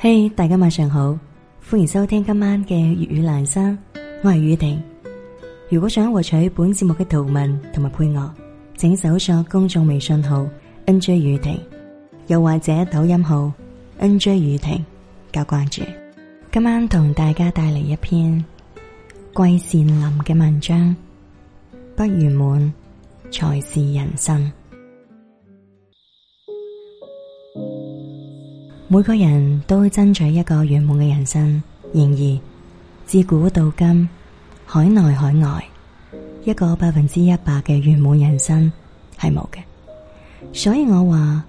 嘿，hey, 大家晚上好，歡迎收聽今晚嘅粵語蘭山，我係雨婷。如果想獲取本節目嘅圖文同埋配樂，請搜索公眾微信號 nj 雨婷，又或者抖音號 nj 雨婷加關注。今晚同大家帶嚟一篇季羨林嘅文章，不完滿才是人生。每個人都爭取一個圓滿嘅人生，然而自古到今，海內海外，一個百分之一百嘅圓滿人生係冇嘅。所以我話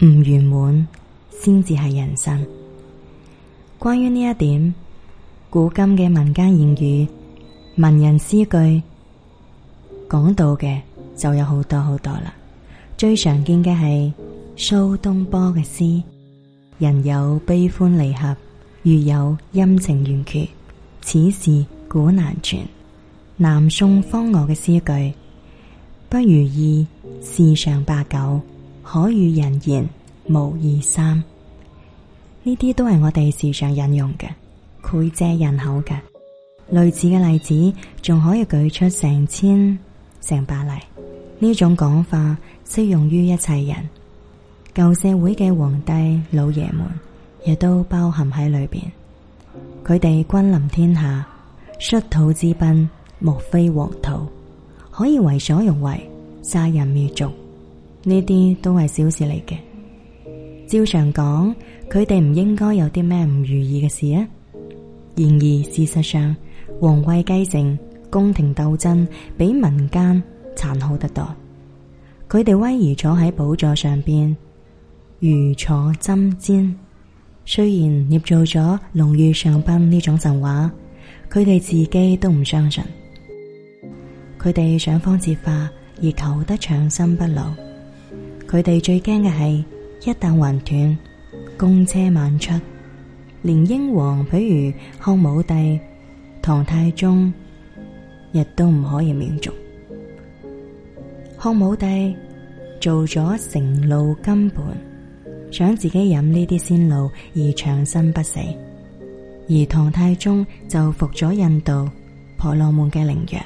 唔圓滿先至係人生。關於呢一點，古今嘅民間諺語、文人詩句講到嘅就有好多好多啦。最常見嘅係蘇東坡嘅詩。人有悲歡離合，月有陰晴圓缺，此事古難全。南宋方岳嘅詩句：不如意事常八九，可與人言無二三。呢啲都係我哋時常引用嘅、膾炙人口嘅。類似嘅例子仲可以舉出成千成百例。呢種講法適用於一切人。舊社會嘅皇帝老爺們亦都包含喺裏邊，佢哋君臨天下，率土之濱，莫非王土，可以為所欲為，殺人滅族，呢啲都係小事嚟嘅。照常講，佢哋唔應該有啲咩唔如意嘅事啊。然而事實上，皇位繼承、宮廷鬥爭比民間殘酷得多。佢哋威儀坐喺寶座上邊，如坐針氈，雖然捏造咗龍御上賓呢種神話，佢哋自己都唔相信。佢哋想方設法而求得長生不老，佢哋最驚嘅係一旦云斷，宮車晚出，連英皇譬如漢武帝、唐太宗亦都唔可以免俗。漢武帝做咗承露根本，想自己飲呢啲仙露而長生不死，而唐太宗就服咗印度婆羅門嘅靈藥，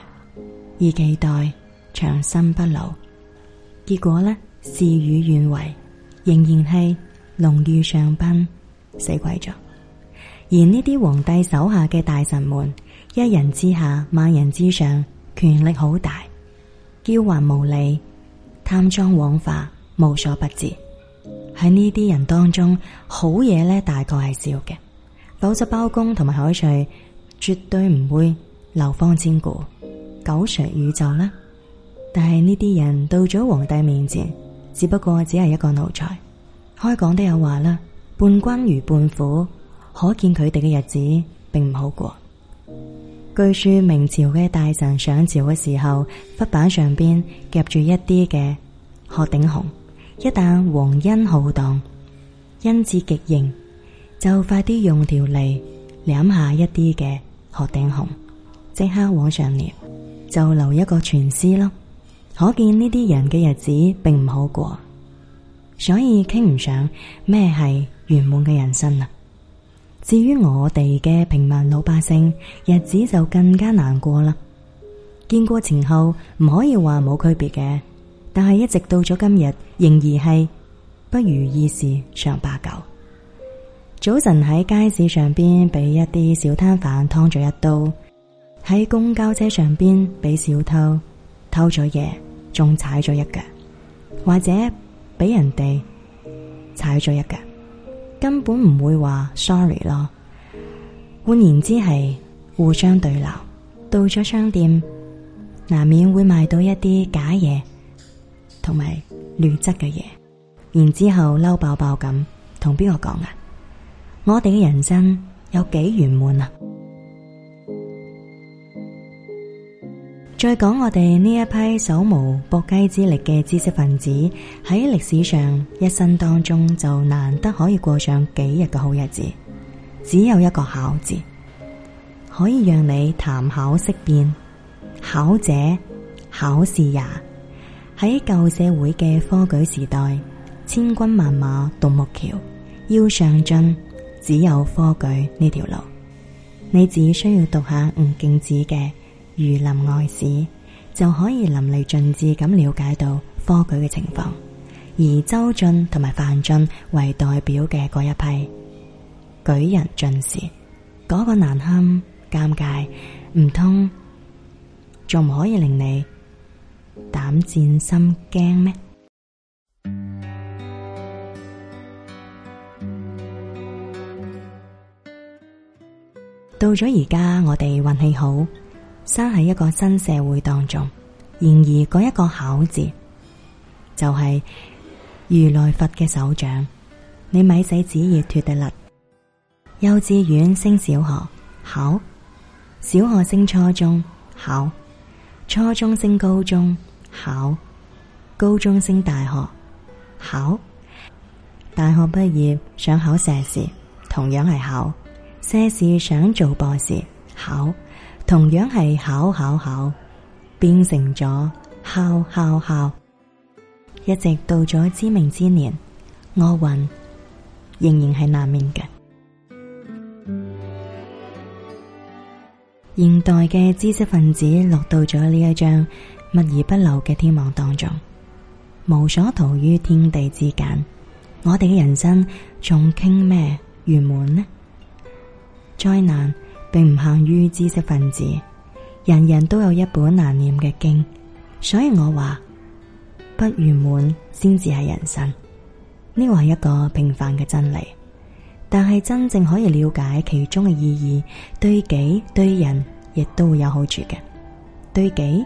而期待長生不老，結果呢，事與願違，仍然係龍馭上賓，死鬼咗。而呢啲皇帝手下嘅大臣們，一人之下萬人之上，權力好大，驕橫無理，貪贓枉法，無所不至。喺呢啲人當中，好嘢咧，大概係少嘅。否則包公同埋海瑞絕對唔會流芳千古，久常宇宙啦。但係呢啲人到咗皇帝面前，只不過只係一個奴才。開講都有話啦，伴君如伴虎，可見佢哋嘅日子並唔好過。據說明朝嘅大臣上朝嘅時候，笏板上邊夾住一啲嘅鶴頂紅。一旦皇恩浩蕩，恩賜極刑，就快啲用條脷舐下一啲嘅鶴頂紅，即刻往上尿，就留一個全屍咯。可見呢啲人嘅日子並唔好過，所以傾唔上咩係圓滿嘅人生啊。至於我哋嘅平民老百姓，日子就更加難過啦。見過前後，唔可以話冇區別嘅。但係一直到咗今日，仍然係不如意事常八九。早晨喺街市上邊俾一啲小攤販劏咗一刀，喺公交車上邊俾小偷偷咗嘢，仲踩咗一腳，或者俾人哋踩咗一腳，根本唔會話 sorry 咯。換言之係互相對流。到咗商店，難免會買到一啲假嘢，同埋劣質嘅嘢，然之後嬲爆爆，咁同邊個講啊？我哋嘅人生有幾圓滿啊？ 再講我哋呢一批手無縛雞之力嘅知識分子，喺歷史上一生當中就難得可以過上幾日嘅好日子，只有一個考字，可以讓你談考色變，考者考試也。喺舊社會嘅科舉時代，千軍萬馬獨木橋，要上進只有科舉呢條路。你只需要讀下吳敬梓嘅《儒林外史》，就可以淋漓盡致咁了解到科舉嘅情況。而周進同埋范進為代表嘅嗰一批舉人進士，嗰、那個難堪尷尬，唔通仲唔可以令你？膽戰心驚咩？到咗而家，我哋運氣好，生喺一個新社會當中。然而，嗰一個考字，就係、是、如來佛嘅手掌。你咪使旨意脫得甩，幼稚園升小學考，小學升初中考。初中升高中考，高中升大學考，大學畢業想考碩士，同樣係考，碩士想做博士考，同樣係考考考，變成咗考考考，一直到咗知名之年，厄運仍然係難免嘅。現代嘅知識分子落到咗呢一張密而不漏嘅天網當中，無所逃於天地之間，我哋嘅人生仲傾咩圓滿呢？災難並唔限於知識分子，人人都有一本難念嘅經，所以我話不圓滿先至係人生，呢個係一個平凡嘅真理。但係真正可以了解其中嘅意義，對己對人亦都會有好處嘅。對己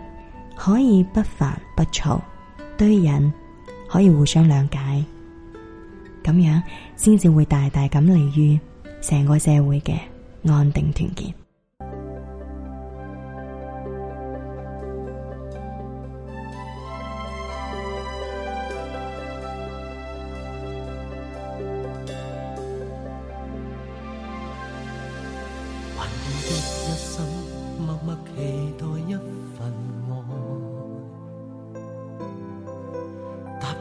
可以不煩不躁，對人可以互相諒解，咁樣先至會大大咁利於成個社會嘅安定團結。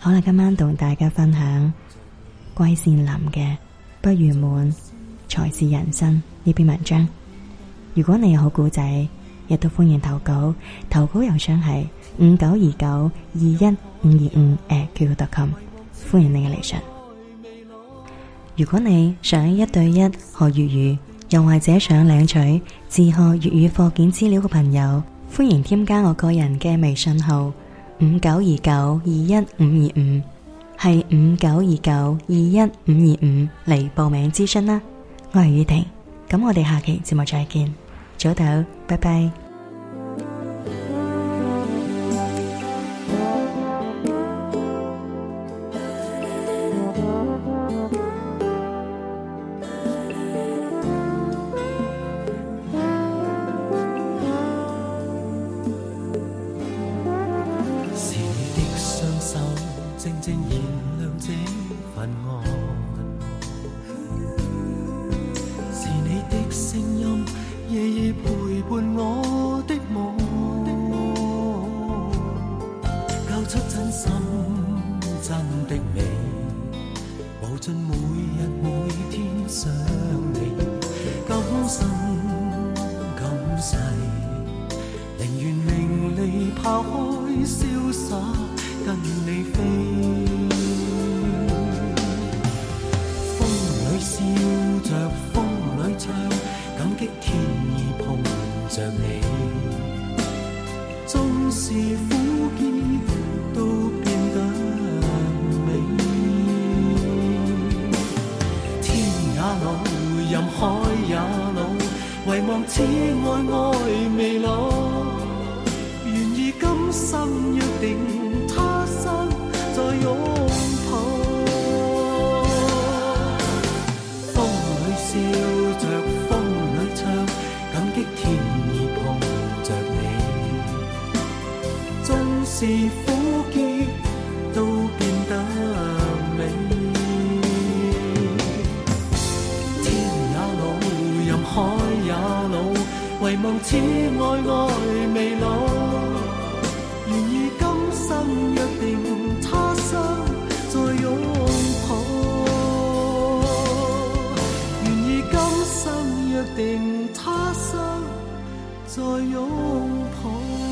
好啦，今晚同大家分享季羨林嘅《不完滿才是人生》呢篇文章。如果你有好故仔，亦都歡迎投稿。投稿郵箱係五九二九二一五二五，誒，QQ 特琴歡迎你嘅嚟信。如果你想一對一學粵語，又或者想領取自學粵語課件資料嘅朋友。歡迎添加我個人嘅微信號五九二九二一五二五，係五九二九二一五二五嚟報名諮詢啦。我係雨婷，咁我哋下期節目再見，早唞，拜拜。心真的美，無盡。讓此愛愛未老，願意今生約定他生再擁抱。 風裏笑着，風裏唱，感激天意碰着你，縱是。從此愛愛未老，願意今生約定，他生再擁抱。願意今生約定，他生再擁抱。